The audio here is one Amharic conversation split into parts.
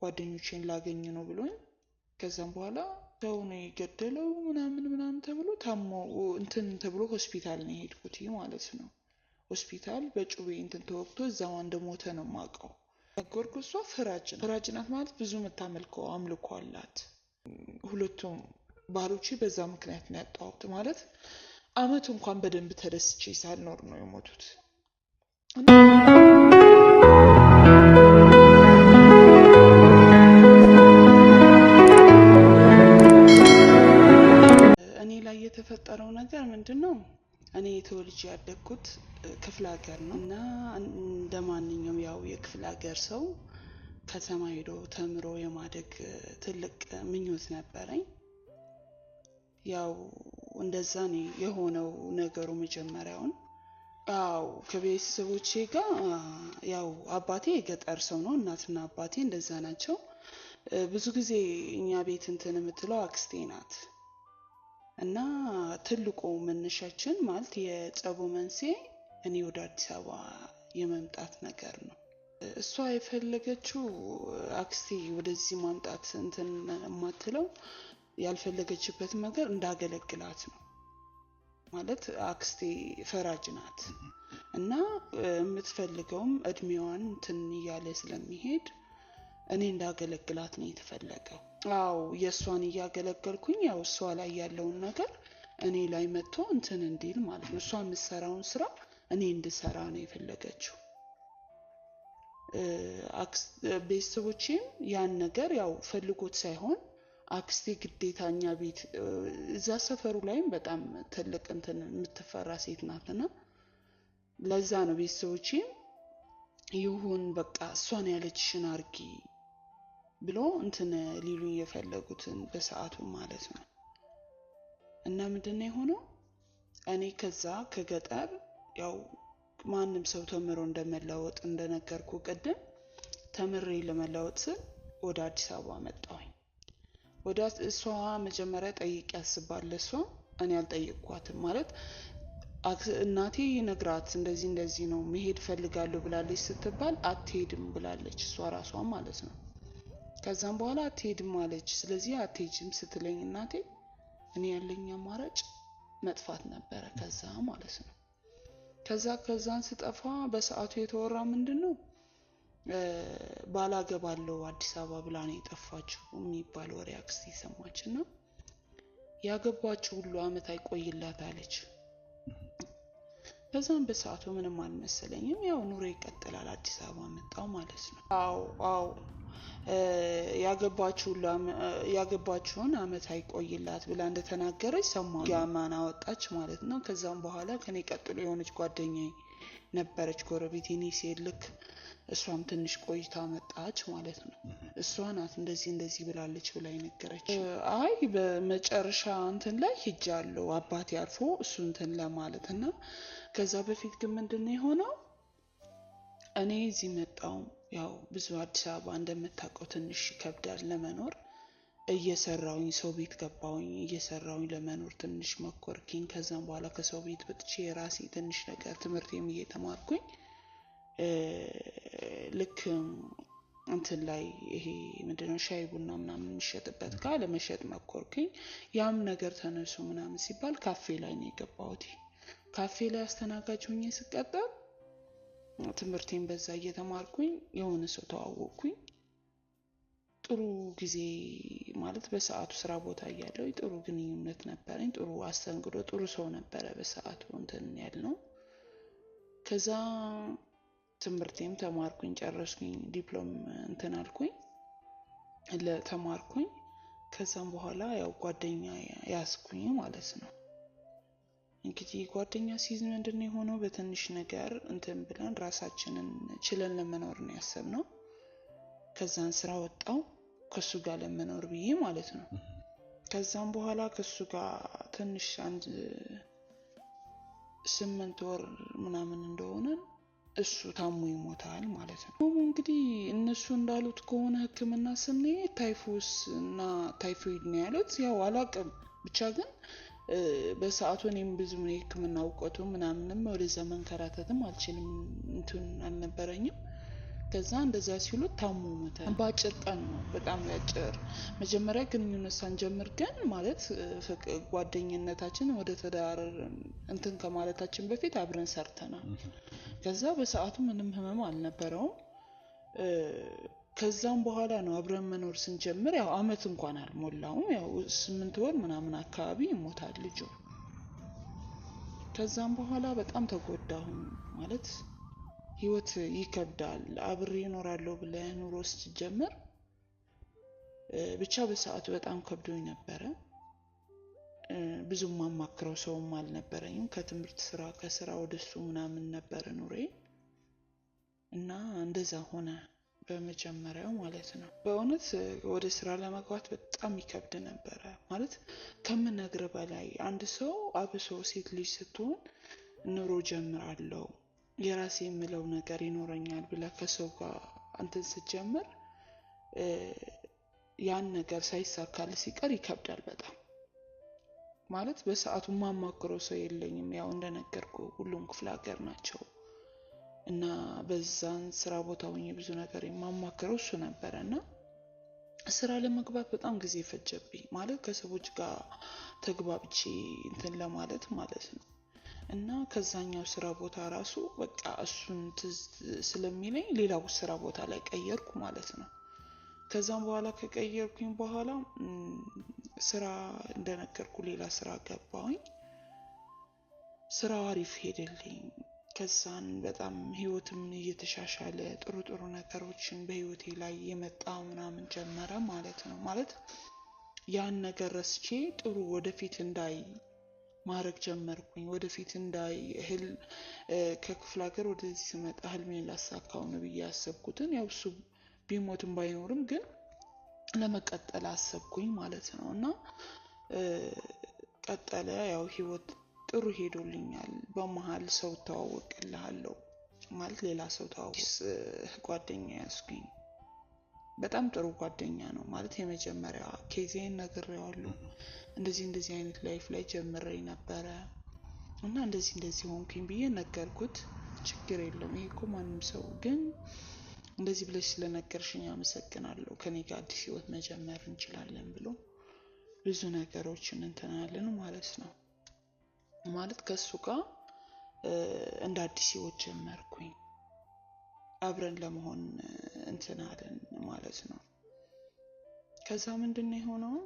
ጓደኞቼን ላገኝ ነው ብሎኝ ከዛም በኋላ ሰው ነው የገደለው ምናምን ምናምን ተብሎ ታሞ እንትን ተብሎ ሆስፒታል ነው የሄድኩት ማለት ነው። ሆስፒታል በጩቤ እንትን ተወቅቶ እዛው እንደሞተ ነው የማውቀው። ጎርጎ እሷ ፍራጅ ፍራጅ ናት ማለት ብዙ የምታመልከው አምልኮ አላት። ሁለቱም ባሎቼ በዛ ምክንያት ነው ያጣሁት ማለት አመቱ እንኳን በደንብ ተደስቼ ሳልኖር ነው የሞቱት። የተፈጠረው ነገር ምንድን ነው? እኔ የተወልጅ ያደግኩት ክፍለ ሀገር ነው እና እንደ ማንኛውም ያው የክፍለ ሀገር ሰው ከተማ ሄዶ ተምሮ የማደግ ትልቅ ምኞት ነበረኝ። ያው እንደዛ ነው የሆነው ነገሩ። መጀመሪያውን ያው ከቤተሰቦቼ ጋር ያው አባቴ የገጠር ሰው ነው፣ እናትና አባቴ እንደዛ ናቸው። ብዙ ጊዜ እኛ ቤት እንትን የምትለው አክስቴ ናት። እና ትልቁ መነሻችን ማለት የጸቡ መንስኤ እኔ ወደ አዲስ አበባ የመምጣት ነገር ነው። እሷ የፈለገችው አክስቴ ወደዚህ ማምጣት እንትን የማትለው ያልፈለገችበት ነገር እንዳገለግላት ነው። ማለት አክስቴ ፈራጅ ናት እና የምትፈልገውም እድሜዋን እንትን እያለ ስለሚሄድ እኔ እንዳገለግላት ነው የተፈለገው። አዎ የእሷን እያገለገልኩኝ ያው እሷ ላይ ያለውን ነገር እኔ ላይ መጥቶ እንትን እንዲል ማለት ነው። እሷ የምትሰራውን ስራ እኔ እንድሰራ ነው የፈለገችው። ቤተሰቦቼም ያን ነገር ያው ፈልጎት ሳይሆን አክስቴ ግዴታኛ ቤት እዛ ሰፈሩ ላይም በጣም ትልቅ እንትን የምትፈራ ሴት ናትና ለዛ ነው ቤተሰቦቼም ይሁን በቃ እሷን ያለችሽን አርጊ ብሎ እንትን ሊሉ የፈለጉትን በሰዓቱ ማለት ነው። እና ምንድን ነው የሆነው? እኔ ከዛ ከገጠር ያው ማንም ሰው ተምሮ እንደመለወጥ እንደነገርኩ ቅድም ተምሬ ለመለወጥ ስል ወደ አዲስ አበባ መጣሁኝ። ወደ እሷ መጀመሪያ ጠይቅ ያስባለ እሷ እኔ አልጠየቅኳትም ማለት እናቴ ነግራት እንደዚህ እንደዚህ ነው መሄድ ፈልጋለሁ ብላለች ስትባል አትሄድም ብላለች እሷ ራሷ ማለት ነው። ከዛም በኋላ አትሄድም አለች። ስለዚህ አትሄጅም ስትለኝ እናቴ እኔ ያለኝ አማራጭ መጥፋት ነበረ ከዛ ማለት ነው። ከዛ ከዛን ስጠፋ በሰዓቱ የተወራ ምንድን ነው ባላገባለው አዲስ አበባ ብላ ነው የጠፋችው የሚባል ወሬ አክስቴ ሰማች እና ያገባችው ሁሉ አመት አይቆይላት አለች። በዛም በሰዓቱ ምንም አልመሰለኝም። ያው ኑሮ ይቀጥላል። አዲስ አበባ መጣው ማለት ነው። አዎ አዎ፣ ያገባችሁን አመት አይቆይላት ብላ እንደተናገረች ሰማ ያማን አወጣች ማለት ነው። ከዛም በኋላ ከኔ ቀጥሎ የሆነች ጓደኛ ነበረች፣ ጎረቤት ኔ ሲሄድ ልክ እሷም ትንሽ ቆይታ መጣች ማለት ነው። እሷ ናት እንደዚህ እንደዚህ ብላለች ብላ ነገረች። አይ በመጨረሻ እንትን ላይ ሂጅ አለው አባቴ አርፎ እሱ እንትን ለማለት እና ከዛ በፊት ግን ምንድን ነው የሆነው እኔ እዚህ መጣው ያው ብዙ አዲስ አበባ እንደምታውቀው ትንሽ ይከብዳል ለመኖር እየሰራውኝ ሰው ቤት ገባውኝ እየሰራውኝ ለመኖር ትንሽ መኮርኪኝ። ከዛም በኋላ ከሰው ቤት ወጥቼ የራሴ ትንሽ ነገር ትምህርቴም እየተማርኩኝ ልክ እንትን ላይ ይሄ ምንድነው ሻይ ቡና ምናምን የሚሸጥበት ጋር ለመሸጥ መኮርኩኝ። ያም ነገር ተነሱ ምናምን ሲባል ካፌ ላይ ነው የገባሁት። ካፌ ላይ አስተናጋጅ ሁኜ ስቀጠር ትምህርቴን በዛ እየተማርኩኝ የሆነ ሰው ተዋወቅኩኝ። ጥሩ ጊዜ ማለት በሰዓቱ ስራ ቦታ እያለው ጥሩ ግንኙነት ነበረኝ። ጥሩ አስተንግዶ፣ ጥሩ ሰው ነበረ በሰዓቱ እንትን ነው። ከዛ ትምህርቴም ተማርኩኝ፣ ጨረስኩኝ፣ ዲፕሎም እንትን አልኩኝ ለተማርኩኝ። ከዛም በኋላ ያው ጓደኛ ያስኩኝ ማለት ነው። እንግዲህ ጓደኛ ሲይዝ ምንድን ነው የሆነው? በትንሽ ነገር እንትን ብለን ራሳችንን ችለን ለመኖር ነው ያሰብነው። ከዛን ስራ ወጣው ከሱ ጋር ለመኖር ብዬ ማለት ነው። ከዛም በኋላ ከሱ ጋር ትንሽ አንድ ስምንት ወር ምናምን እንደሆነን እሱ ታሞ ይሞታል ማለት ነው። ሆሞ እንግዲህ እነሱ እንዳሉት ከሆነ ሕክምና ስንሄድ ታይፎስ እና ታይፎይድ ነው ያሉት። ያው አላቅም ብቻ ግን በሰዓቱ እኔም ብዙ የሕክምና እውቀቱ ምናምንም ወደዛ መንከራተትም አልችልም እንትን አልነበረኝም። ከዛ እንደዛ ሲሉ ታሞ ሞተ። በአጭር ቀን ነው፣ በጣም ያጭር። መጀመሪያ ግንኙነት ሳንጀምር ግን ማለት ጓደኝነታችን ወደ ትዳር እንትን ከማለታችን በፊት አብረን ሰርተናል። ከዛ በሰዓቱ ምንም ህመም አልነበረውም። ከዛም በኋላ ነው አብረን መኖር ስንጀምር፣ ያው አመት እንኳን አልሞላውም፣ ያው ስምንት ወር ምናምን አካባቢ ይሞታል ልጁ። ከዛም በኋላ በጣም ተጎዳሁም ማለት ህይወት ይከብዳል። አብሬ እኖራለሁ ብለህ ኑሮ ስትጀምር ብቻ በሰዓቱ በጣም ከብዶኝ ነበረ። ብዙም ማማክረው ሰውም አልነበረኝም። ከትምህርት ስራ፣ ከስራ ወደሱ ምናምን ነበረ ኑሬ እና እንደዛ ሆነ በመጀመሪያው ማለት ነው። በእውነት ወደ ስራ ለመግባት በጣም ይከብድ ነበረ ማለት ከምነግር በላይ አንድ ሰው አብሶ ሴት ልጅ ስትሆን ኑሮ ጀምራለው የራሴ የምለው ነገር ይኖረኛል ብላ ከሰው ጋር እንትን ስትጀምር ያን ነገር ሳይሳካል ሲቀር ይከብዳል በጣም ማለት በሰዓቱ ማማክረው ሰው የለኝም። ያው እንደነገርኩ ሁሉም ክፍለ ሀገር ናቸው እና በዛን ስራ ቦታ ሆኜ ብዙ ነገር የማማክረው እሱ ነበረ እና ስራ ለመግባት በጣም ጊዜ ፈጀብኝ። ማለት ከሰዎች ጋር ተግባብቼ እንትን ለማለት ማለት ነው እና ከዛኛው ስራ ቦታ ራሱ በቃ እሱን ትዝ ስለሚለኝ ሌላው ስራ ቦታ ላይ ቀየርኩ ማለት ነው። ከዛም በኋላ ከቀየርኩኝ በኋላ ስራ እንደነገርኩ ሌላ ስራ ገባሁኝ። ስራ አሪፍ ሄደልኝ። ከዛን በጣም ህይወትም እየተሻሻለ ጥሩ ጥሩ ነገሮችን በህይወቴ ላይ የመጣ ምናምን ጀመረ ማለት ነው። ማለት ያን ነገር ረስቼ ጥሩ ወደፊት እንዳይ ማድረግ ጀመርኩኝ። ወደፊት እንዳይህል እህል ከክፍለ ሀገር ወደዚህ ስመጣ ህልሜን ላሳካው ነው ብዬ ያሰብኩትን ያው እሱ ቢሞትም ባይኖርም ግን ለመቀጠል አሰብኩኝ ማለት ነው እና ቀጠለ። ያው ህይወት ጥሩ ሄዶልኛል። በመሀል ሰው ተዋወቅልሃለሁ ማለት ሌላ ሰው ተዋወቅ ጓደኛ ያስኩኝ በጣም ጥሩ ጓደኛ ነው ማለት የመጀመሪያ ኬዜን ነግሬዋለሁ። እንደዚህ እንደዚህ አይነት ላይፍ ላይ ጀምሬ ነበረ እና እንደዚህ እንደዚህ ሆንኩኝ ብዬ ነገርኩት። ችግር የለም ይሄ እኮ ማንም ሰው ግን እንደዚህ ብለሽ ስለነገርሽኝ አመሰግናለሁ፣ ከኔ ጋር አዲስ ህይወት መጀመር እንችላለን ብሎ ብዙ ነገሮችን እንትናለን ማለት ነው። ማለት ከእሱ ጋር እንደ አዲስ ህይወት ጀመርኩኝ አብረን ለመሆን እንትናለን ማለት ነው። ከዛ ምንድን ነው የሆነው?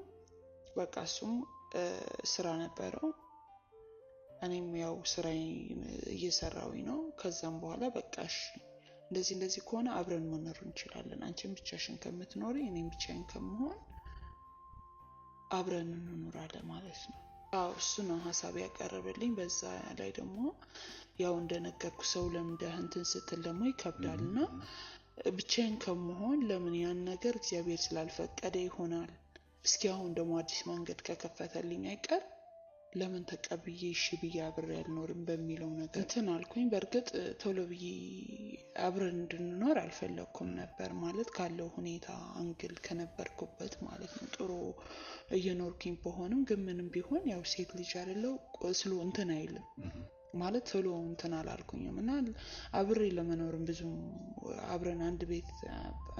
በቃ እሱም ስራ ነበረው፣ እኔም ያው ስራ እየሰራዊ ነው። ከዛም በኋላ በቃ እንደዚህ እንደዚህ ከሆነ አብረን መኖር እንችላለን። አንቺን ብቻሽን ከምትኖሪ እኔም ብቻን ከምሆን አብረን እንኖራለን ማለት ነው። አው እሱ ነው ሀሳብ ያቀረበልኝ። በዛ ላይ ደግሞ ያው እንደነገርኩ ሰው ለምደህንትን ስትል ደግሞ ይከብዳል እና ብቻዬን ከመሆን ለምን ያን ነገር እግዚአብሔር ስላልፈቀደ ይሆናል። እስኪ አሁን ደግሞ አዲስ መንገድ ከከፈተልኝ አይቀር ለምን ተቀብዬ እሺ ብዬ አብሬ አልኖርም በሚለው ነገር እንትን አልኩኝ። በእርግጥ ቶሎ ብዬ አብረን እንድንኖር አልፈለግኩም ነበር ማለት ካለው ሁኔታ አንግል ከነበርኩበት ማለት ነው። ጥሩ እየኖርኩኝ በሆንም ግን ምንም ቢሆን ያው ሴት ልጅ አይደለው ስሎ እንትን አይልም ማለት ቶሎ እንትን አላልኩኝም እና አብሬ ለመኖርም ብዙ አብረን አንድ ቤት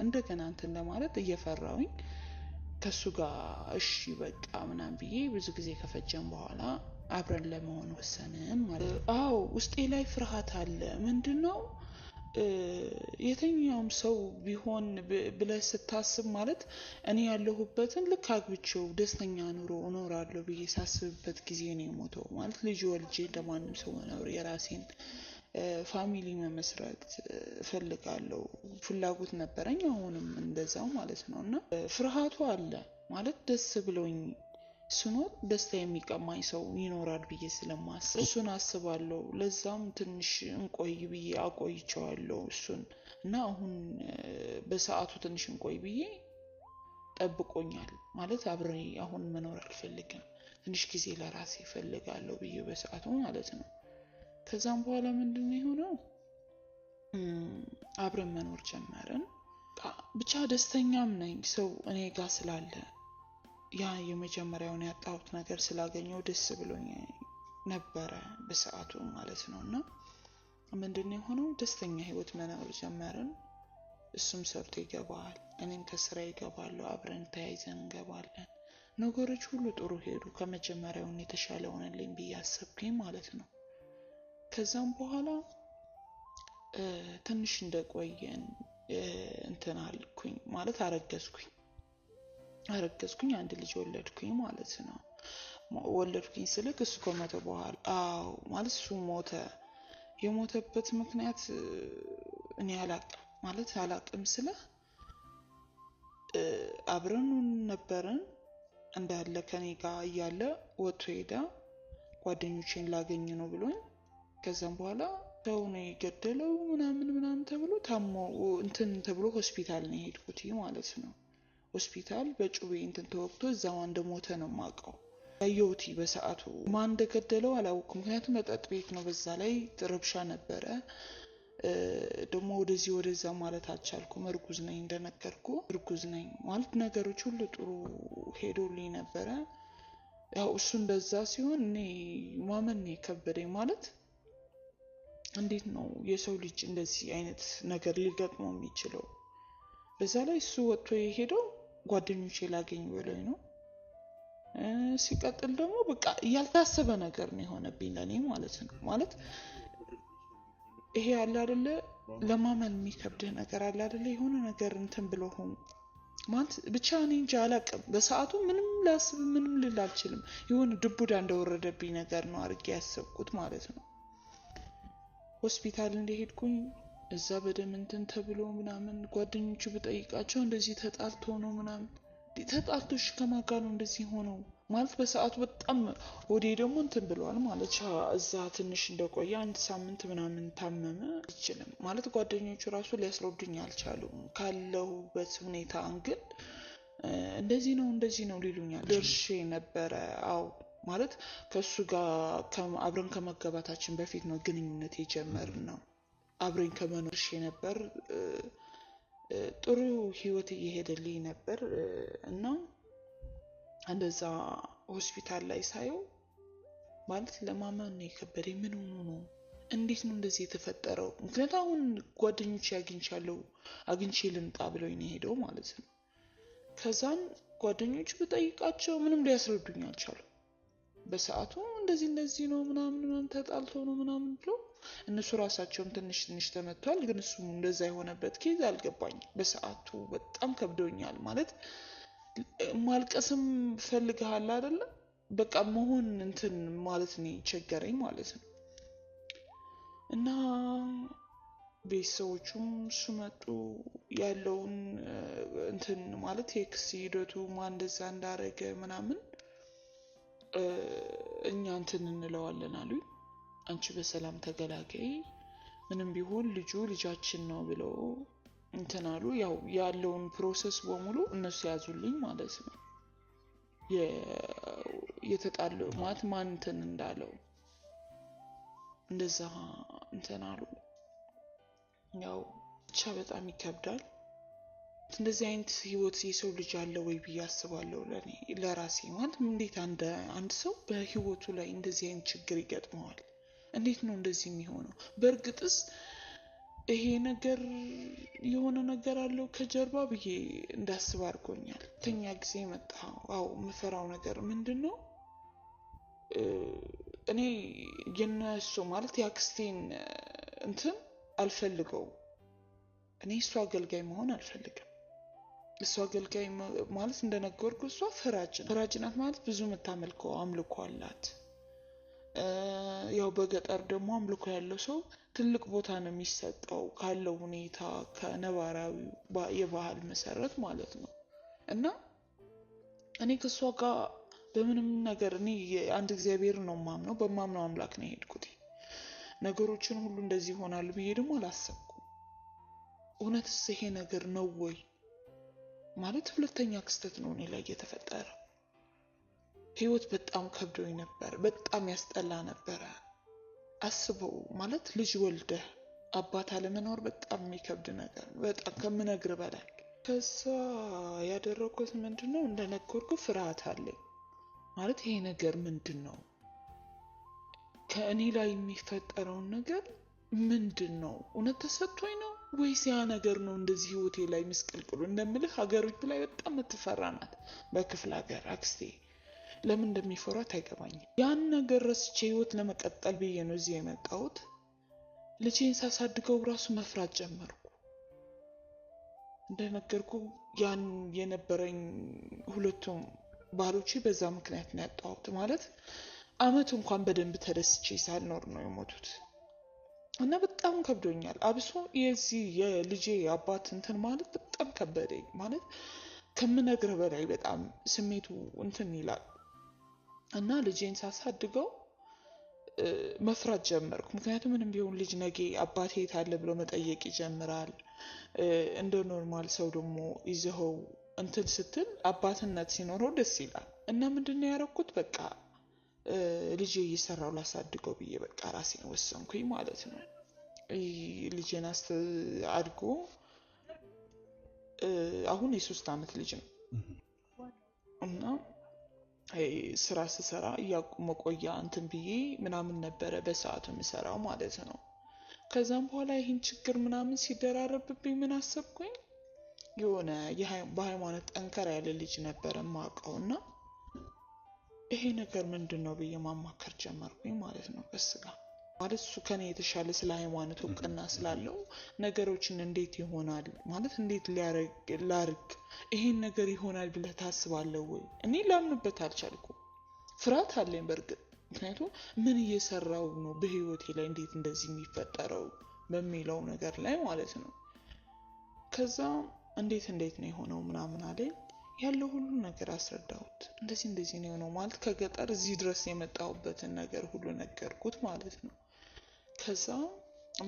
እንደገና እንትን ለማለት እየፈራውኝ ከሱ ጋር እሺ በቃ ምናምን ብዬ ብዙ ጊዜ ከፈጀም በኋላ አብረን ለመሆን ወሰንም ማለት አዎ ውስጤ ላይ ፍርሃት አለ ምንድን ነው የትኛውም ሰው ቢሆን ብለህ ስታስብ ማለት እኔ ያለሁበትን ልክ አግብቼው ደስተኛ ኑሮ እኖራለሁ ብዬ ሳስብበት ጊዜ ነው የሞተው። ማለት ልጅ ወልጄ እንደማንም ሰው መኖር የራሴን ፋሚሊ መመስረት እፈልጋለሁ። ፍላጎት ነበረኝ አሁንም እንደዛው ማለት ነው። እና ፍርሃቱ አለ ማለት ደስ ብሎኝ ስኖር ደስታ የሚቀማኝ ሰው ይኖራል ብዬ ስለማስብ እሱን አስባለሁ። ለዛም ትንሽ እንቆይ ብዬ አቆይቸዋለሁ እሱን እና አሁን በሰዓቱ ትንሽ እንቆይ ብዬ ጠብቆኛል ማለት አብሬ አሁን መኖር አልፈልግም፣ ትንሽ ጊዜ ለራሴ ይፈልጋለሁ ብዬ በሰዓቱ ማለት ነው። ከዛም በኋላ ምንድን ነው የሆነው አብረን መኖር ጀመርን። ብቻ ደስተኛም ነኝ ሰው እኔ ጋር ስላለ ያ የመጀመሪያውን ያጣሁት ነገር ስላገኘው ደስ ብሎኝ ነበረ በሰዓቱ ማለት ነው። እና ምንድን የሆነው ደስተኛ ህይወት መኖር ጀመርን። እሱም ሰርቶ ይገባዋል፣ እኔም ከስራ ይገባለሁ። አብረን ተያይዘን እንገባለን። ነገሮች ሁሉ ጥሩ ሄዱ። ከመጀመሪያውን የተሻለ ሆነልኝ ብያሰብኩኝ አሰብኩኝ ማለት ነው። ከዛም በኋላ ትንሽ እንደቆየን እንትን አልኩኝ ማለት አረገዝኩኝ። አረገዝኩኝ አንድ ልጅ ወለድኩኝ ማለት ነው። ወለድኩኝ ስልክ እሱ ከሞተ በኋላ አዎ ማለት እሱ ሞተ። የሞተበት ምክንያት እኔ አላቅም ማለት አላቅም ስለ አብረን ነበርን እንዳለ ከኔ ጋር እያለ ወጥቶ ሄደ። ጓደኞቼን ላገኝ ነው ብሎኝ ከዛም በኋላ ሰው ነው የገደለው ምናምን ምናምን ተብሎ ታሞ እንትን ተብሎ ሆስፒታል ነው የሄድኩት ማለት ነው። ሆስፒታል በጩቤ እንትን ተወቅቶ እዛው እንደሞተ ነው የማውቀው። ያየሁት በሰዓቱ ማን እንደገደለው አላውቅም። ምክንያቱም መጠጥ ቤት ነው፣ በዛ ላይ ረብሻ ነበረ። ደግሞ ወደዚህ ወደዛ ማለት አልቻልኩም። እርጉዝ ነኝ እንደነገርኩ እርጉዝ ነኝ ማለት ነገሮች ሁሉ ጥሩ ሄዶልኝ ነበረ። ያው እሱ እንደዛ ሲሆን እኔ ማመን የከበደኝ ማለት እንዴት ነው የሰው ልጅ እንደዚህ አይነት ነገር ሊገጥመው የሚችለው? በዛ ላይ እሱ ወጥቶ የሄደው ጓደኞቼ ላገኝ በላይ ነው። ሲቀጥል ደግሞ በቃ ያልታሰበ ነገር ነው የሆነብኝ ለእኔ ማለት ነው። ማለት ይሄ አለ አደለ፣ ለማመን የሚከብድህ ነገር አለ አደለ፣ የሆነ ነገር እንትን ብሎ ሆኑ ማለት ብቻ እኔ እንጂ አላቅም። በሰዓቱ ምንም ላስብ ምንም ልል አልችልም። የሆነ ድቡዳ እንደወረደብኝ ነገር ነው አድርጌ ያሰብኩት ማለት ነው። ሆስፒታል እንደሄድኩኝ እዛ በደም እንትን ተብሎ ምናምን ጓደኞቹ ብጠይቃቸው እንደዚህ ተጣልቶ ነው ምናምን ተጣልቶሽ ከማጋ ነው እንደዚህ ሆነው ማለት በሰዓቱ በጣም ወዴ ደግሞ እንትን ብለዋል ማለት እዛ ትንሽ እንደቆየ አንድ ሳምንት ምናምን ታመመ። አይችልም ማለት ጓደኞቹ ራሱ ሊያስረዱኝ አልቻሉም። ካለሁበት ሁኔታ ግን እንደዚህ ነው እንደዚህ ነው ሊሉኛል ደርሼ ነበረ። አው ማለት ከእሱ ጋር አብረን ከመገባታችን በፊት ነው ግንኙነት የጀመር ነው። አብረኝ ከመኖርሽ ነበር ጥሩ ህይወት እየሄደልኝ ነበር እና እንደዛ ሆስፒታል ላይ ሳየው ማለት ለማመን ነው የከበደ ምን ሆኖ ነው? እንዴት ነው እንደዚህ የተፈጠረው? ምክንያቱ አሁን ጓደኞች ያግኝቻለው አግኝቼ ልምጣ ብለው ነው የሄደው ማለት ነው። ከዛን ጓደኞቹ ብጠይቃቸው ምንም ሊያስረዱኝ አልቻሉ። በሰዓቱ እንደዚህ እንደዚህ ነው ምናምን ምናምን ተጣልቶ ነው ምናምን ብለው እነሱ ራሳቸውም ትንሽ ትንሽ ተመቷል። ግን እሱም እንደዛ የሆነበት ኬዝ አልገባኝም። በሰዓቱ በጣም ከብዶኛል። ማለት ማልቀስም ፈልግሃል አይደለም። በቃ መሆን እንትን ማለት ነው ቸገረኝ ማለት ነው። እና ቤተሰቦቹም ስመጡ ያለውን እንትን ማለት የክስ ሂደቱ ማን እንደዛ እንዳረገ ምናምን እኛ እንትን እንለዋለን አሉኝ። አንቺ በሰላም ተገላገይ፣ ምንም ቢሆን ልጁ ልጃችን ነው ብለው እንትን አሉ። ያው ያለውን ፕሮሰስ በሙሉ እነሱ ያዙልኝ ማለት ነው። የተጣለው ማት ማን እንትን እንዳለው እንደዛ እንትን አሉ። ያው ብቻ በጣም ይከብዳል። እንደዚህ አይነት ህይወት የሰው ልጅ አለ ወይ ብዬ አስባለሁ። ለእኔ ለራሴ ማለት እንዴት አንድ ሰው በህይወቱ ላይ እንደዚህ አይነት ችግር ይገጥመዋል? እንዴት ነው እንደዚህ የሚሆነው? በእርግጥስ ይሄ ነገር የሆነ ነገር አለው ከጀርባ ብዬ እንዳስብ አድርጎኛል። ተኛ ጊዜ መጣ። አዎ የምፈራው ነገር ምንድን ነው? እኔ የነሱ ማለት የአክስቴን እንትን አልፈልገው? እኔ እሱ አገልጋይ መሆን አልፈልግም። እሱ አገልጋይ ማለት እንደነገርኩ እሷ ፈራጅ ናት። ፈራጅ ናት ማለት ብዙ የምታመልከው አምልኮ አላት። ያው በገጠር ደግሞ አምልኮ ያለው ሰው ትልቅ ቦታ ነው የሚሰጠው ካለው ሁኔታ ከነባራዊ የባህል መሰረት ማለት ነው። እና እኔ ከእሷ ጋር በምንም ነገር እኔ አንድ እግዚአብሔር ነው ማምነው፣ በማምነው አምላክ ነው የሄድኩት። ነገሮችን ሁሉ እንደዚህ ይሆናሉ ብዬ ደግሞ አላሰብኩም። እውነትስ ይሄ ነገር ነው ወይ ማለት ሁለተኛ ክስተት ነው እኔ ላይ የተፈጠረው። ህይወት በጣም ከብዶኝ ነበር። በጣም ያስጠላ ነበረ። አስበው ማለት ልጅ ወልደህ አባት አለመኖር በጣም የሚከብድ ነገር በጣም ከምነግር በላይ። ከዛ ያደረኩት ምንድን ነው እንደነገርኩ ፍርሃት አለኝ ማለት ይሄ ነገር ምንድን ነው ከእኔ ላይ የሚፈጠረውን ነገር ምንድን ነው እውነት ተሰጥቶኝ ነው ወይስ ያ ነገር ነው እንደዚህ ህይወቴ ላይ ምስቅልቅሉ እንደምልህ ሀገሪቱ ላይ በጣም የምትፈራ ናት በክፍለ ሀገር አክስቴ ለምን እንደሚፈሯት አይገባኝም። ያን ነገር ረስቼ ህይወት ለመቀጠል ብዬ ነው እዚህ የመጣሁት። ልጄን ሳሳድገው ራሱ መፍራት ጀመርኩ። እንደነገርኩ ያን የነበረኝ ሁለቱም ባሎቼ በዛ ምክንያት ነው ያጣሁት። ማለት አመት እንኳን በደንብ ተደስቼ ሳልኖር ነው የሞቱት እና በጣም ከብዶኛል። አብሶ የዚህ የልጄ አባት እንትን ማለት በጣም ከበደኝ። ማለት ከምነግር በላይ በጣም ስሜቱ እንትን ይላል። እና ልጄን ሳሳድገው መፍራት ጀመርኩ። ምክንያቱም ምንም ቢሆን ልጅ ነገ አባቴ የት አለ ብሎ መጠየቅ ይጀምራል። እንደ ኖርማል ሰው ደግሞ ይዘኸው እንትን ስትል አባትነት ሲኖረው ደስ ይላል። እና ምንድን ነው ያደረኩት? በቃ ልጄ እየሰራው ላሳድገው ብዬ በቃ ራሴን ወሰንኩኝ ማለት ነው። ልጄን አድጎ አሁን የሶስት አመት ልጅ ነው እና ስራ ስሰራ መቆያ እንትን ብዬ ምናምን ነበረ በሰዓቱ የምሰራው ማለት ነው። ከዛም በኋላ ይህን ችግር ምናምን ሲደራረብብኝ ምን አሰብኩኝ፣ የሆነ በሃይማኖት ጠንከር ያለ ልጅ ነበረ የማውቀው እና ይሄ ነገር ምንድን ነው ብዬ ማማከር ጀመርኩኝ ማለት ነው ከሱ ጋር ማለት እሱ ከኔ የተሻለ ስለ ሃይማኖት እውቅና ስላለው ነገሮችን እንዴት ይሆናል ማለት እንዴት ላርግ ይሄን ነገር ይሆናል ብለህ ታስባለህ ወይ? እኔ ላምንበት አልቻልኩ ፍርሃት አለኝ በእርግጥ ምክንያቱም ምን እየሰራው ነው በህይወቴ ላይ እንዴት እንደዚህ የሚፈጠረው በሚለው ነገር ላይ ማለት ነው። ከዛ እንዴት እንዴት ነው የሆነው ምናምን አለኝ ያለው ሁሉ ነገር አስረዳሁት። እንደዚህ እንደዚህ ነው የሆነው ማለት ከገጠር እዚህ ድረስ የመጣሁበትን ነገር ሁሉ ነገርኩት ማለት ነው። ከዛ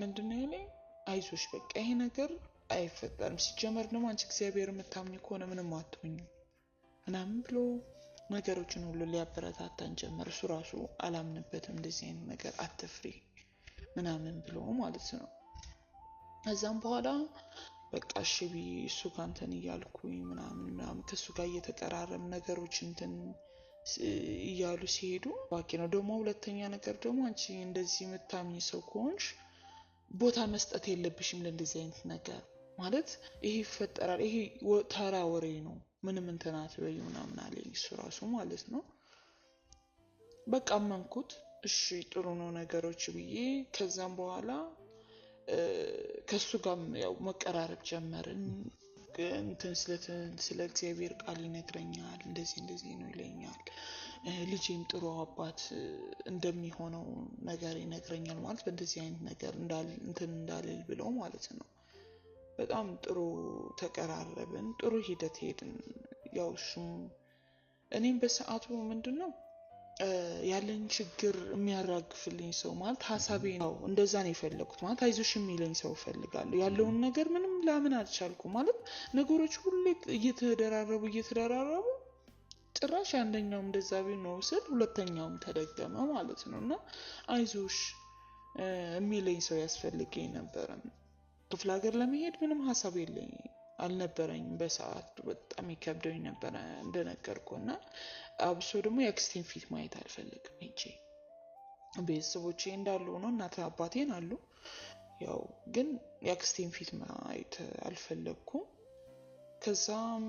ምንድነው ያለኝ አይዞሽ በቃ ይሄ ነገር አይፈጠርም። ሲጀመር ደግሞ አንቺ እግዚአብሔር የምታምኝ ከሆነ ምንም አትሆኝ ምናምን ብሎ ነገሮችን ሁሉ ሊያበረታታን ጀመር። እሱ ራሱ አላምንበትም እንደዚህ አይነት ነገር አትፍሪ ምናምን ብሎ ማለት ነው። ከዛም በኋላ በቃ እሺ ብዬ እሱ ጋር እንትን እያልኩኝ ምናምን ምናምን ከእሱ ጋር እየተቀራረም ነገሮች እንትን እያሉ ሲሄዱ ዋቂ ነው ደግሞ። ሁለተኛ ነገር ደግሞ አንቺ እንደዚህ የምታምኝ ሰው ከሆንሽ ቦታ መስጠት የለብሽም ለእንደዚህ አይነት ነገር ማለት ይሄ ይፈጠራል። ይሄ ተራ ወሬ ነው፣ ምንም እንትናት አትበይ ምናምን አለኝ እሱ ራሱ ማለት ነው። በቃ አመንኩት። እሺ ጥሩ ነው ነገሮች ብዬ ከዛም በኋላ ከእሱ ጋር ያው መቀራረብ ጀመርን። እንትን ስለ እግዚአብሔር ቃል ይነግረኛል። እንደዚህ እንደዚህ ነው ይለኛል። ልጄም ጥሩ አባት እንደሚሆነው ነገር ይነግረኛል። ማለት በእንደዚህ አይነት ነገር እንትን እንዳልል ብለው ማለት ነው። በጣም ጥሩ ተቀራረብን፣ ጥሩ ሂደት ሄድን። ያው እሱም እኔም በሰዓቱ ምንድን ነው ያለኝ ችግር የሚያራግፍልኝ ሰው ማለት ሀሳቤ ነው። እንደዛ ነው የፈለጉት ማለት አይዞሽ የሚለኝ ሰው እፈልጋለሁ። ያለውን ነገር ምንም ላምን አልቻልኩ ማለት ነገሮች ሁሉ እየተደራረቡ እየተደራረቡ ጭራሽ አንደኛው እንደዛ ቢሆን ስል ሁለተኛውም ተደገመ ማለት ነው። እና አይዞሽ የሚለኝ ሰው ያስፈልገኝ ነበረ። ክፍለ ሀገር ለመሄድ ምንም ሀሳብ የለኝ አልነበረኝም በሰዓቱ በጣም ይከብደኝ ነበረ እንደነገርኩ እና አብሶ ደግሞ የአክስቴን ፊት ማየት አልፈልግም ሄጄ ቤተሰቦቼ እንዳሉ ሆኖ እናት አባቴን አሉ ያው ግን የአክስቴን ፊት ማየት አልፈለግኩም ከዛም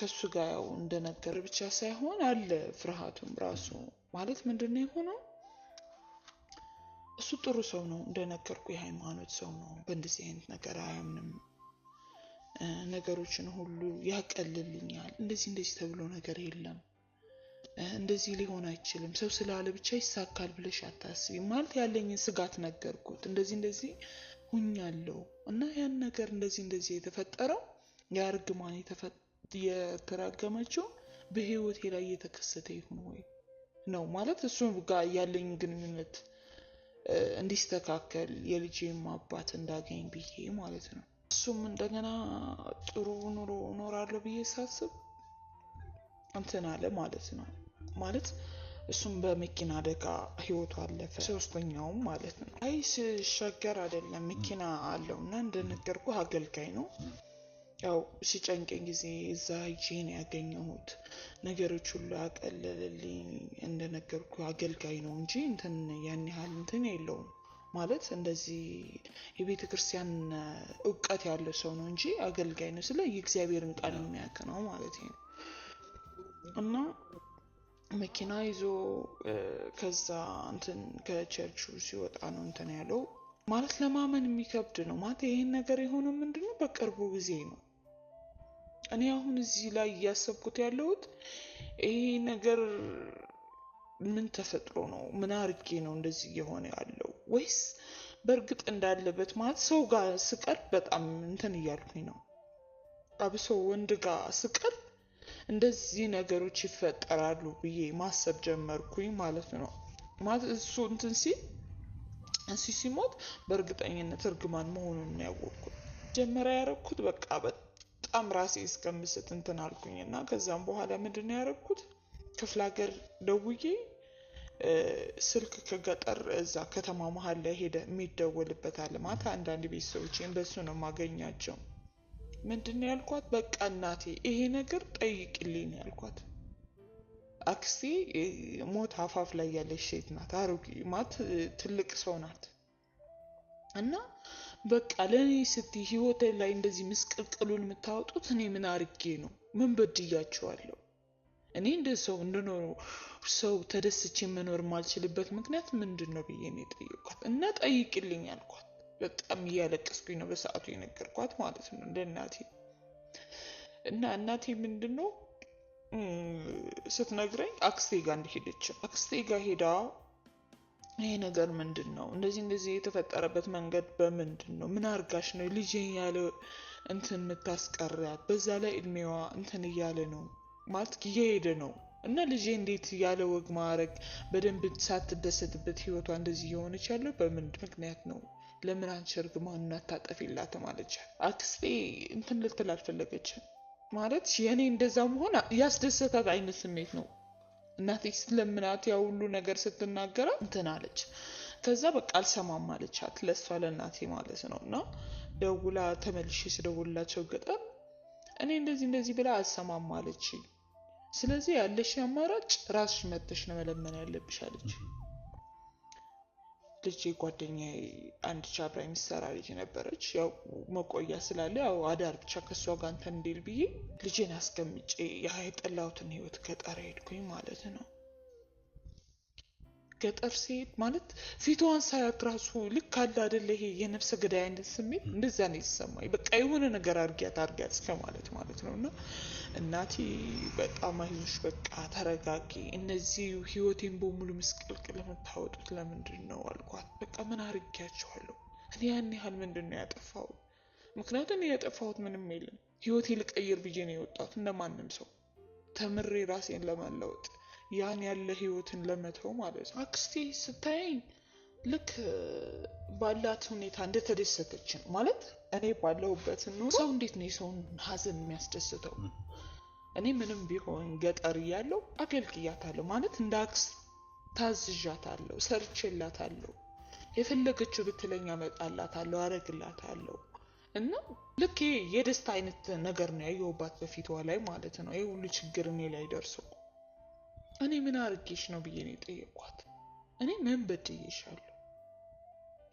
ከሱ ጋር ያው እንደነገር ብቻ ሳይሆን አለ ፍርሃቱም ራሱ ማለት ምንድነው የሆነው እሱ ጥሩ ሰው ነው እንደነገርኩ የሃይማኖት ሰው ነው በእንደዚህ አይነት ነገር አያምንም ነገሮችን ሁሉ ያቀልልኛል። እንደዚህ እንደዚህ ተብሎ ነገር የለም። እንደዚህ ሊሆን አይችልም፣ ሰው ስላለ ብቻ ይሳካል ብለሽ አታስቢ። ማለት ያለኝን ስጋት ነገርኩት። እንደዚህ እንደዚህ ሁኛለሁ እና ያን ነገር እንደዚህ እንደዚህ የተፈጠረው ያ የተራገመችው በህይወቴ ላይ እየተከሰተ ይሁን ወይ ነው ማለት እሱ ጋር ያለኝ ግንኙነት እንዲስተካከል የልጄም አባት እንዳገኝ ብዬ ማለት ነው። እሱም እንደገና ጥሩ ኑሮ እኖራለሁ ብዬ ሳስብ እንትን አለ ማለት ነው። ማለት እሱም በመኪና አደጋ ህይወቱ አለፈ። ሶስተኛውም ማለት ነው። አይ ሲሻገር አይደለም መኪና አለው እና እንደነገርኩ አገልጋይ ነው። ያው ሲጨንቀኝ ጊዜ እዛ ጄን ያገኘሁት ነገሮች ሁሉ ያቀለልልኝ እንደነገርኩ አገልጋይ ነው እንጂ እንትን ያን ያህል እንትን የለውም። ማለት እንደዚህ የቤተ ክርስቲያን እውቀት ያለው ሰው ነው እንጂ አገልጋይ ነው ስለ የእግዚአብሔርን ቃል የሚያቅ ነው ማለት ነው። እና መኪና ይዞ ከዛ እንትን ከቸርቹ ሲወጣ ነው እንትን ያለው ማለት ለማመን የሚከብድ ነው ማለት ይሄን ነገር የሆነ ምንድነው በቅርቡ ጊዜ ነው። እኔ አሁን እዚህ ላይ እያሰብኩት ያለሁት ይሄ ነገር ምን ተፈጥሮ ነው? ምን አርጌ ነው እንደዚህ እየሆነ ያለው? ወይስ በእርግጥ እንዳለበት ማለት ሰው ጋር ስቀርብ በጣም እንትን እያልኩኝ ነው። አብሶ ወንድ ጋር ስቀርብ እንደዚህ ነገሮች ይፈጠራሉ ብዬ ማሰብ ጀመርኩኝ ማለት ነው። ማለት እሱ እንትን ሲል እሱ ሲሞት በእርግጠኝነት እርግማን መሆኑን ያወቅኩት መጀመሪያ ያደረኩት በቃ በጣም ራሴ እስከምስት እንትን አልኩኝ እና ከዛም በኋላ ምንድን ነው ያረኩት ክፍለ ሀገር ደውዬ ስልክ ከገጠር እዛ ከተማ መሀል ላይ ሄደ የሚደወልበት አለማት አንዳንድ ይህን በሱ ነው የማገኛቸው። ምንድን ያልኳት በቃ እናቴ ይሄ ነገር ጠይቅልኝ ያልኳት። አክስቴ ሞት አፋፍ ላይ ያለች ሴት ናት። አሮጌ ማት ትልቅ ሰው ናት እና በቃ ለእኔ ስትይ ህይወቴ ላይ እንደዚህ ምስቅልቅሉን የምታወጡት እኔ ምን አርጌ ነው? ምን በድያቸዋለሁ? እኔ እንደ ሰው እንድኖር ሰው ተደስቼ መኖር የማልችልበት ምክንያት ምንድን ነው ብዬ ነው የጠየኳት እና ጠይቅልኝ አልኳት። በጣም እያለቀስኩኝ ነው በሰዓቱ የነገርኳት ማለት ነው እናቴ እና እናቴ ምንድን ነው ስትነግረኝ አክስቴ ጋር እንደሄደች አክስቴ ጋር ሄዳ ይሄ ነገር ምንድን ነው እንደዚህ እንደዚህ የተፈጠረበት መንገድ በምንድን ነው ምን አርጋሽ ነው ልጄን ያለ እንትን የምታስቀሪያት በዛ ላይ እድሜዋ እንትን እያለ ነው ማለት እየሄደ ነው እና ልጄ እንዴት ያለ ወግ ማዕረግ በደንብ ሳትደሰትበት ህይወቷ እንደዚህ የሆነች ያለው በምን ምክንያት ነው? ለምን አንሸርግ ማን እናታጠፊላት አለች አክስቴ። እንትን ልትል አልፈለገችም። ማለት የእኔ እንደዛ መሆን ያስደሰታት አይነት ስሜት ነው። እናቴ ስለምናት ያ ሁሉ ነገር ስትናገራ እንትን አለች። ከዛ በቃ አልሰማም አለቻት፣ ለእሷ ለእናቴ ማለት ነው። እና ደውላ ተመልሼ ስደውላቸው ገጠር እኔ እንደዚህ እንደዚህ ብላ አልሰማም አለች። ስለዚህ ያለሽ አማራጭ ራስሽ መጥተሽ ነው መለመን ያለብሽ አለች። ልጅ ጓደኛ አንድ ቻብራ የሚሰራ ልጅ ነበረች። ያው መቆያ ስላለ ያው አዳር ብቻ ከእሷ ጋር እንትን እንዲል ብዬ ልጄን አስቀምጬ የጠላሁትን ህይወት ገጠር ሄድኩኝ ማለት ነው። ገጠር ሲሄድ ማለት ፊትዋን ሳያት ራሱ ልክ አለ አደለ ይሄ የነፍሰ ገዳይ አይነት ስሜት እንደዛ ነው የተሰማኝ። በቃ የሆነ ነገር አርጊያት አድርጊያት እስከ ማለት ማለት ነው እና እናቴ በጣም አይዞሽ፣ በቃ ተረጋጊ፣ እነዚህ ህይወቴን በሙሉ ምስቅልቅ ለምታወጡት ለምንድን ነው አልኳት። በቃ ምን አርጊያችኋለሁ እኔ ያን ያህል ምንድን ነው ያጠፋው? ምክንያቱም እኔ ያጠፋሁት ምንም የለም። ህይወቴ ልቀይር ብዬ ነው የወጣሁት እንደማንም ሰው ተምሬ ራሴን ለማለወጥ ያን ያለ ህይወትን ለመተው ማለት ነው። አክስቴ ስታየኝ ልክ ባላት ሁኔታ እንደተደሰተች ነው ማለት እኔ ባለሁበት ኑሮ ሰው እንዴት ነው የሰውን ሀዘን የሚያስደስተው? እኔ ምንም ቢሆን ገጠር እያለው አገልግያታለሁ ማለት እንደ አክስ ታዝዣታለሁ፣ ሰርቼላታለሁ፣ የፈለገችው ብትለኝ አመጣላታለሁ፣ አረግላታለሁ እና ልክ የደስታ አይነት ነገር ነው ያየሁባት በፊቷ ላይ ማለት ነው። ይህ ሁሉ ችግር እኔ ላይ ደርሶ እኔ ምን አርጌሽ ነው ብዬ ነው የጠየኳት። እኔ ምን በድዬሻለሁ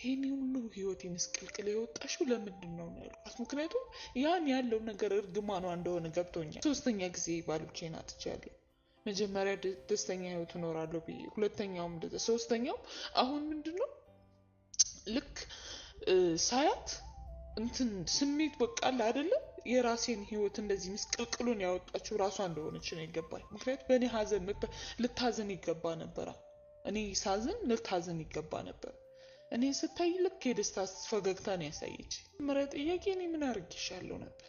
ይህን ሁሉ ህይወት ምስቅልቅል የወጣሽው ለምንድን ነው ያልኳት። ምክንያቱም ያን ያለው ነገር እርግማኗ እንደሆነ ገብቶኛል። ሶስተኛ ጊዜ ባሎቼን አጥቻለሁ። መጀመሪያ ደስተኛ ህይወት እኖራለሁ ብዬ፣ ሁለተኛውም፣ ሶስተኛውም አሁን ምንድን ነው ልክ ሳያት እንትን ስሜት በቃል አይደለም የራሴን ህይወት እንደዚህ ምስቅልቅሉን ያወጣችው ራሷ እንደሆነች ነው ይገባል። ምክንያቱም በእኔ ሀዘን ልታዘን ይገባ ነበራ። እኔ ሳዝን ልታዘን ይገባ ነበር። እኔ ስታይ ልክ የደስታ ፈገግታን ያሳየች። ምረ ጥያቄ እኔ ምን አርግሻለሁ ነበር።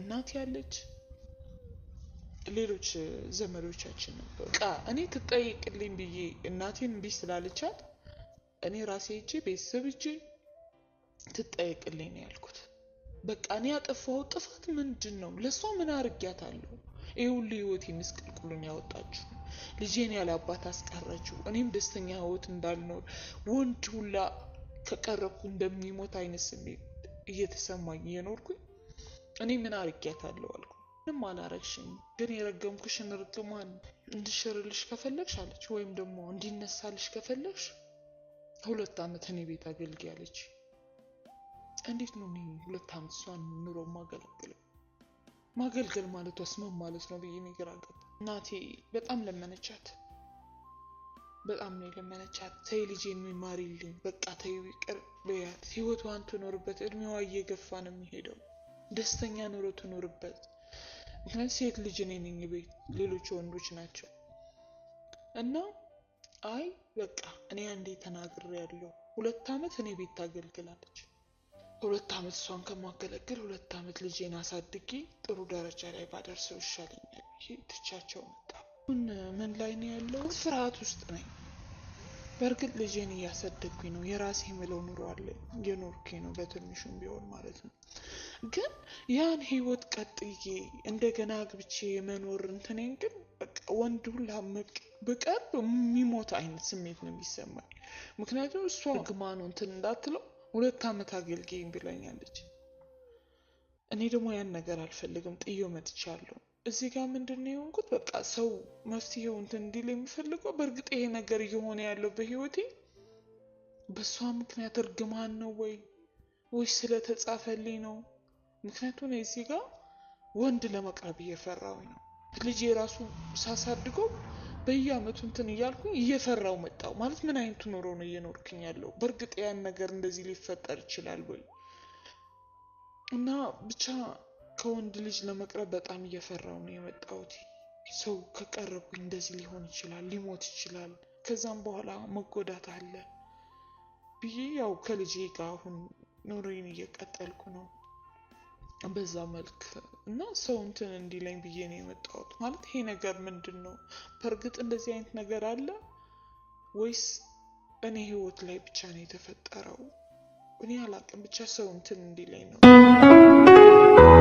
እናት ያለች ሌሎች ዘመዶቻችን ነበሩ። ቃ እኔ ትጠይቅልኝ ብዬ እናቴን እምቢ ስላለቻት እኔ ራሴ እጄ ቤተሰብ እጄ ትጠየቅልኝ ነው ያልኩት። በቃ እኔ ያጠፋው ጥፋት ምንድን ነው? ለእሷ ምን አርጊያታለሁ? ይህ ሁሉ ህይወት ምስቅልቅሉን ያወጣችሁ ልጄን ያለ አባት አስቀረችው። እኔም ደስተኛ ህይወት እንዳልኖር ወንድ ሁላ ከቀረብኩ እንደሚሞት አይነት ስሜት እየተሰማኝ እየኖርኩኝ እኔ ምን አርጊያታለሁ አልኩ። ምንም አላረግሽም፣ ግን የረገምኩሽን ርግማን እንድሽርልሽ ከፈለግሽ አለች፣ ወይም ደግሞ እንዲነሳልሽ ከፈለግሽ ሁለት ዓመት እኔ ቤት አገልግያለች። እንዴት ነው እኔ ሁለት ዓመት እሷን ኑሮ ማገለግለው? ማገልገል ማለት ወስመን ማለት ነው ብዬ ነገር አገባ እናቴ በጣም ለመነቻት፣ በጣም ነው የለመነቻት። ተይ ልጄ የሚማሪልኝ በቃ ተይው ይቅር በያት፣ ህይወቷን ትኖርበት። እድሜዋ እየገፋ ነው የሚሄደው። ደስተኛ ኑሮ ትኖርበት። ምክንያት ሴት ልጅ እኔ ነኝ ቤት፣ ሌሎች ወንዶች ናቸው። እና አይ በቃ እኔ አንዴ ተናግሬ ያለው ሁለት ዓመት እኔ ቤት ታገልግላለች። ሁለት ዓመት እሷን ከማገለግል ሁለት ዓመት ልጄን አሳድጌ ጥሩ ደረጃ ላይ ባደርሰው ይሻለኛል ትቻቸው መጣ። አሁን ምን ላይ ነው ያለው? ፍርሃት ውስጥ ነኝ። በእርግጥ ልጄን እያሳደግኩኝ ነው። የራሴ የምለው ኑሮ አለ የኖርኩኝ ነው፣ በትንሹም ቢሆን ማለት ነው። ግን ያን ህይወት ቀጥዬ እንደገና አግብቼ የመኖር እንትኔን ግን ወንድ ሁላ ብቀርብ የሚሞት አይነት ስሜት ነው የሚሰማኝ። ምክንያቱም እሷ ግማ ነው እንትን እንዳትለው ሁለት ዓመት አገልጌ ብለኛለች። እኔ ደግሞ ያን ነገር አልፈልግም፣ ጥዬው መጥቻለሁ። እዚህ ጋር ምንድን ነው የሆንኩት? በቃ ሰው መፍትሄው እንትን እንዲል የምፈልገው በእርግጥ ይሄ ነገር እየሆነ ያለው በህይወቴ በእሷ ምክንያት እርግማን ነው ወይ ወይ ስለተጻፈልኝ ነው? ምክንያቱም እዚህ ጋር ወንድ ለመቅረብ እየፈራው ነው። ልጅ የራሱ ሳሳድገው በየአመቱ እንትን እያልኩኝ እየፈራው መጣው ማለት ምን አይነቱ ኑሮ ነው እየኖርክኝ ያለው? በእርግጥ ያን ነገር እንደዚህ ሊፈጠር ይችላል ወይ እና ብቻ ከወንድ ልጅ ለመቅረብ በጣም እየፈራው ነው የመጣሁት። ሰው ከቀረብኩኝ እንደዚህ ሊሆን ይችላል፣ ሊሞት ይችላል፣ ከዛም በኋላ መጎዳት አለ ብዬ ያው ከልጄ ጋር አሁን ኑሮዬን እየቀጠልኩ ነው በዛ መልክ እና ሰው እንትን እንዲለኝ ብዬ ነው የመጣሁት። ማለት ይሄ ነገር ምንድን ነው? በእርግጥ እንደዚህ አይነት ነገር አለ ወይስ እኔ ህይወት ላይ ብቻ ነው የተፈጠረው? እኔ አላቅም ብቻ ሰው እንትን እንዲለኝ ነው።